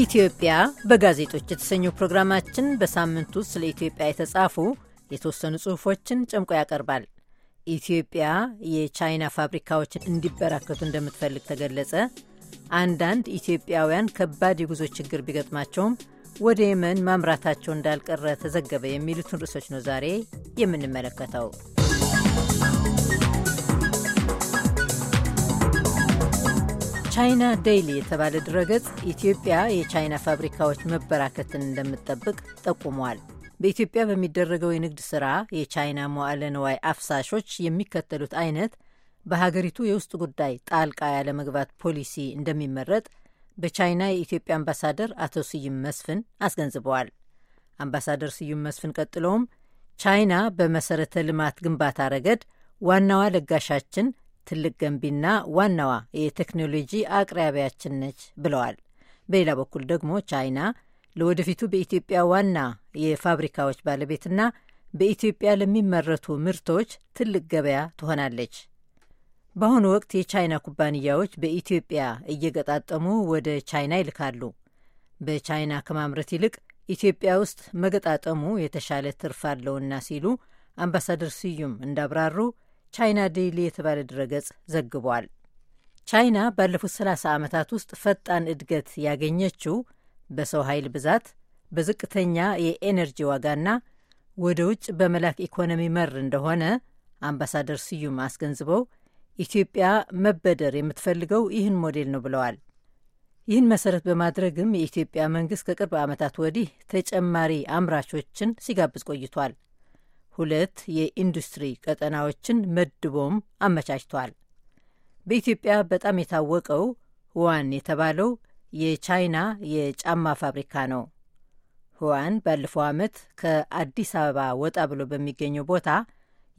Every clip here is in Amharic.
ኢትዮጵያ በጋዜጦች የተሰኘው ፕሮግራማችን በሳምንት ውስጥ ስለ ኢትዮጵያ የተጻፉ የተወሰኑ ጽሑፎችን ጨምቆ ያቀርባል። ኢትዮጵያ የቻይና ፋብሪካዎችን እንዲበራከቱ እንደምትፈልግ ተገለጸ። አንዳንድ ኢትዮጵያውያን ከባድ የጉዞ ችግር ቢገጥማቸውም ወደ የመን ማምራታቸው እንዳልቀረ ተዘገበ። የሚሉትን ርዕሶች ነው ዛሬ የምንመለከተው። ቻይና ዴይሊ የተባለ ድረገጽ ኢትዮጵያ የቻይና ፋብሪካዎች መበራከትን እንደምትጠብቅ ጠቁሟል። በኢትዮጵያ በሚደረገው የንግድ ሥራ የቻይና መዋዕለ ንዋይ አፍሳሾች የሚከተሉት አይነት በሀገሪቱ የውስጥ ጉዳይ ጣልቃ ያለመግባት ፖሊሲ እንደሚመረጥ በቻይና የኢትዮጵያ አምባሳደር አቶ ስዩም መስፍን አስገንዝበዋል። አምባሳደር ስዩም መስፍን ቀጥለውም ቻይና በመሰረተ ልማት ግንባታ ረገድ ዋናዋ ለጋሻችን ትልቅ ገንቢና ዋናዋ የቴክኖሎጂ አቅራቢያችን ነች ብለዋል። በሌላ በኩል ደግሞ ቻይና ለወደፊቱ በኢትዮጵያ ዋና የፋብሪካዎች ባለቤትና በኢትዮጵያ ለሚመረቱ ምርቶች ትልቅ ገበያ ትሆናለች። በአሁኑ ወቅት የቻይና ኩባንያዎች በኢትዮጵያ እየገጣጠሙ ወደ ቻይና ይልካሉ። በቻይና ከማምረት ይልቅ ኢትዮጵያ ውስጥ መገጣጠሙ የተሻለ ትርፍ አለውና ሲሉ አምባሳደር ስዩም እንዳብራሩ ቻይና ዴይሊ የተባለ ድረገጽ ዘግቧል። ቻይና ባለፉት 30 ዓመታት ውስጥ ፈጣን እድገት ያገኘችው በሰው ኃይል ብዛት፣ በዝቅተኛ የኤነርጂ ዋጋና ወደ ውጭ በመላክ ኢኮኖሚ መር እንደሆነ አምባሳደር ስዩም አስገንዝበው ኢትዮጵያ መበደር የምትፈልገው ይህን ሞዴል ነው ብለዋል። ይህን መሰረት በማድረግም የኢትዮጵያ መንግስት ከቅርብ ዓመታት ወዲህ ተጨማሪ አምራቾችን ሲጋብዝ ቆይቷል። ሁለት የኢንዱስትሪ ቀጠናዎችን መድቦም አመቻችቷል። በኢትዮጵያ በጣም የታወቀው ህዋን የተባለው የቻይና የጫማ ፋብሪካ ነው። ህዋን ባለፈው ዓመት ከአዲስ አበባ ወጣ ብሎ በሚገኘው ቦታ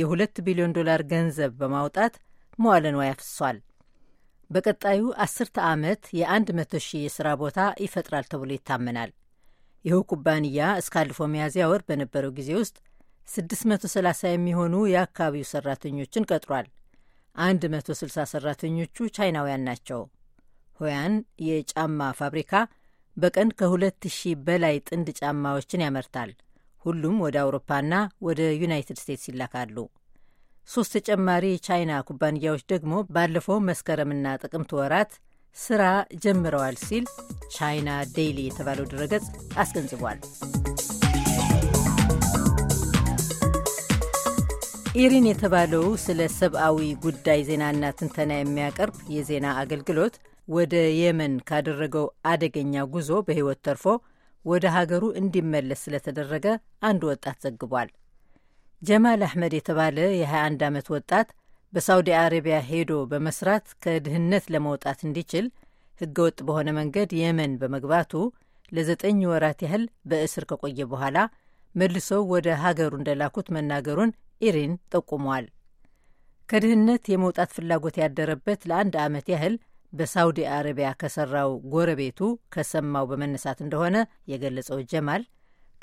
የሁለት ቢሊዮን ዶላር ገንዘብ በማውጣት መዋለ ንዋይ አፍስሷል። በቀጣዩ አስርተ ዓመት የአንድ መቶ ሺህ የሥራ ቦታ ይፈጥራል ተብሎ ይታመናል። ይኸው ኩባንያ እስካለፈው ሚያዝያ ወር በነበረው ጊዜ ውስጥ 630 የሚሆኑ የአካባቢው ሰራተኞችን ቀጥሯል። 160 ሰራተኞቹ ቻይናውያን ናቸው። ሆያን የጫማ ፋብሪካ በቀን ከ2000 በላይ ጥንድ ጫማዎችን ያመርታል። ሁሉም ወደ አውሮፓና ወደ ዩናይትድ ስቴትስ ይላካሉ። ሶስት ተጨማሪ የቻይና ኩባንያዎች ደግሞ ባለፈው መስከረምና ጥቅምት ወራት ስራ ጀምረዋል ሲል ቻይና ዴይሊ የተባለው ድረገጽ አስገንዝቧል። ኢሪን የተባለው ስለ ሰብአዊ ጉዳይ ዜናና ትንተና የሚያቀርብ የዜና አገልግሎት ወደ የመን ካደረገው አደገኛ ጉዞ በሕይወት ተርፎ ወደ ሀገሩ እንዲመለስ ስለተደረገ አንድ ወጣት ዘግቧል። ጀማል አሕመድ የተባለ የ21 ዓመት ወጣት በሳውዲ አረቢያ ሄዶ በመስራት ከድህነት ለመውጣት እንዲችል ህገወጥ በሆነ መንገድ የመን በመግባቱ ለዘጠኝ ወራት ያህል በእስር ከቆየ በኋላ መልሶ ወደ ሀገሩ እንደላኩት መናገሩን ኢሪን ጠቁሟል። ከድህነት የመውጣት ፍላጎት ያደረበት ለአንድ ዓመት ያህል በሳውዲ አረቢያ ከሰራው ጎረቤቱ ከሰማው በመነሳት እንደሆነ የገለጸው ጀማል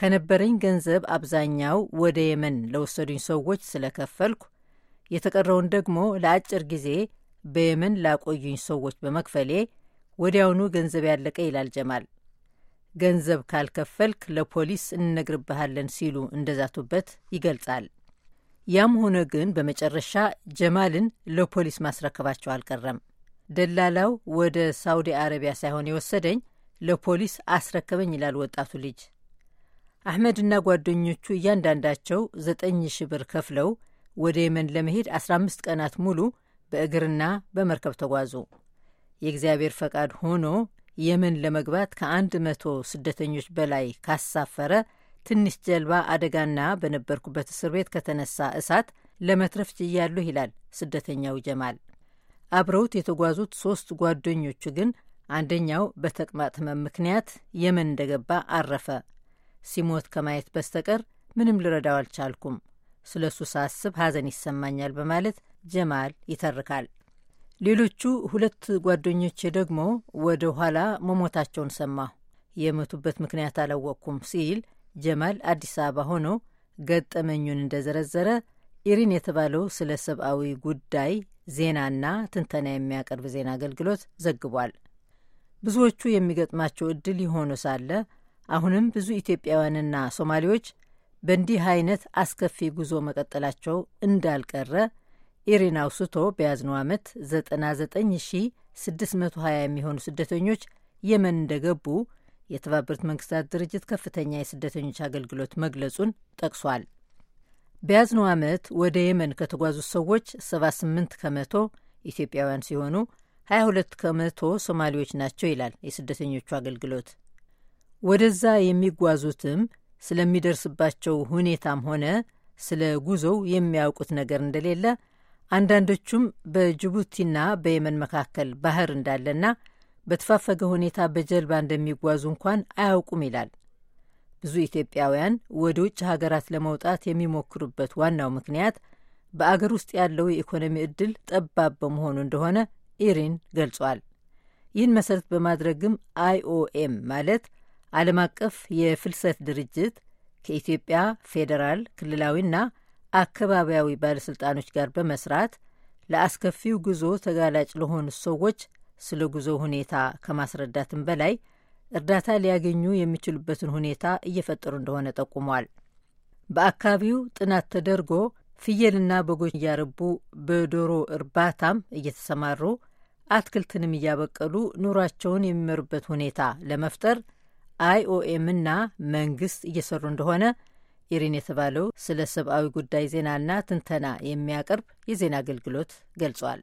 ከነበረኝ ገንዘብ አብዛኛው ወደ የመን ለወሰዱኝ ሰዎች ስለከፈልኩ የተቀረውን ደግሞ ለአጭር ጊዜ በየመን ላቆዩኝ ሰዎች በመክፈሌ ወዲያውኑ ገንዘብ ያለቀ ይላል ጀማል። ገንዘብ ካልከፈልክ ለፖሊስ እንነግርብሃለን ሲሉ እንደዛቱበት ይገልጻል። ያም ሆነ ግን በመጨረሻ ጀማልን ለፖሊስ ማስረከባቸው አልቀረም። ደላላው ወደ ሳውዲ አረቢያ ሳይሆን የወሰደኝ ለፖሊስ አስረከበኝ ይላል ወጣቱ ልጅ። አሕመድና ጓደኞቹ እያንዳንዳቸው ዘጠኝ ሺህ ብር ከፍለው ወደ የመን ለመሄድ 15 ቀናት ሙሉ በእግርና በመርከብ ተጓዙ። የእግዚአብሔር ፈቃድ ሆኖ የመን ለመግባት ከአንድ መቶ ስደተኞች በላይ ካሳፈረ ትንሽ ጀልባ አደጋና በነበርኩበት እስር ቤት ከተነሳ እሳት ለመትረፍ ችያለሁ ይላል ስደተኛው ጀማል። አብረውት የተጓዙት ሶስት ጓደኞቹ ግን አንደኛው በተቅማጥ ህመም ምክንያት የመን እንደገባ አረፈ። ሲሞት ከማየት በስተቀር ምንም ልረዳው አልቻልኩም። ስለ እሱ ሳስብ ሐዘን ይሰማኛል በማለት ጀማል ይተርካል። ሌሎቹ ሁለት ጓደኞቼ ደግሞ ወደ ኋላ መሞታቸውን ሰማሁ፣ የሞቱበት ምክንያት አላወቅኩም ሲል ጀማል አዲስ አበባ ሆኖ ገጠመኙን እንደዘረዘረ ኢሪን የተባለው ስለ ሰብአዊ ጉዳይ ዜናና ትንተና የሚያቀርብ ዜና አገልግሎት ዘግቧል። ብዙዎቹ የሚገጥማቸው እድል የሆኑ ሳለ አሁንም ብዙ ኢትዮጵያውያንና ሶማሌዎች በእንዲህ አይነት አስከፊ ጉዞ መቀጠላቸው እንዳልቀረ ኢሪን አውስቶ በያዝነው ዓመት 99620 የሚሆኑ ስደተኞች የመን እንደገቡ የተባበሩት መንግስታት ድርጅት ከፍተኛ የስደተኞች አገልግሎት መግለጹን ጠቅሷል። በያዝነው ዓመት ወደ የመን ከተጓዙት ሰዎች 78 ከመቶ ኢትዮጵያውያን ሲሆኑ 22 ከመቶ ሶማሌዎች ናቸው ይላል የስደተኞቹ አገልግሎት። ወደዛ የሚጓዙትም ስለሚደርስባቸው ሁኔታም ሆነ ስለ ጉዞው የሚያውቁት ነገር እንደሌለ አንዳንዶቹም በጅቡቲና በየመን መካከል ባህር እንዳለና በተፋፈገ ሁኔታ በጀልባ እንደሚጓዙ እንኳን አያውቁም ይላል። ብዙ ኢትዮጵያውያን ወደ ውጭ ሀገራት ለመውጣት የሚሞክሩበት ዋናው ምክንያት በአገር ውስጥ ያለው የኢኮኖሚ ዕድል ጠባብ በመሆኑ እንደሆነ ኢሪን ገልጿል። ይህን መሰረት በማድረግም አይኦኤም ማለት ዓለም አቀፍ የፍልሰት ድርጅት ከኢትዮጵያ ፌዴራል ክልላዊና አካባቢያዊ ባለሥልጣኖች ጋር በመስራት ለአስከፊው ጉዞ ተጋላጭ ለሆኑ ሰዎች ስለ ጉዞ ሁኔታ ከማስረዳትም በላይ እርዳታ ሊያገኙ የሚችሉበትን ሁኔታ እየፈጠሩ እንደሆነ ጠቁሟል። በአካባቢው ጥናት ተደርጎ ፍየልና በጎች እያረቡ በዶሮ እርባታም እየተሰማሩ አትክልትንም እያበቀሉ ኑሯቸውን የሚመሩበት ሁኔታ ለመፍጠር አይኦኤምና መንግስት እየሰሩ እንደሆነ ኢሪን የተባለው ስለ ሰብአዊ ጉዳይ ዜናና ትንተና የሚያቀርብ የዜና አገልግሎት ገልጿል።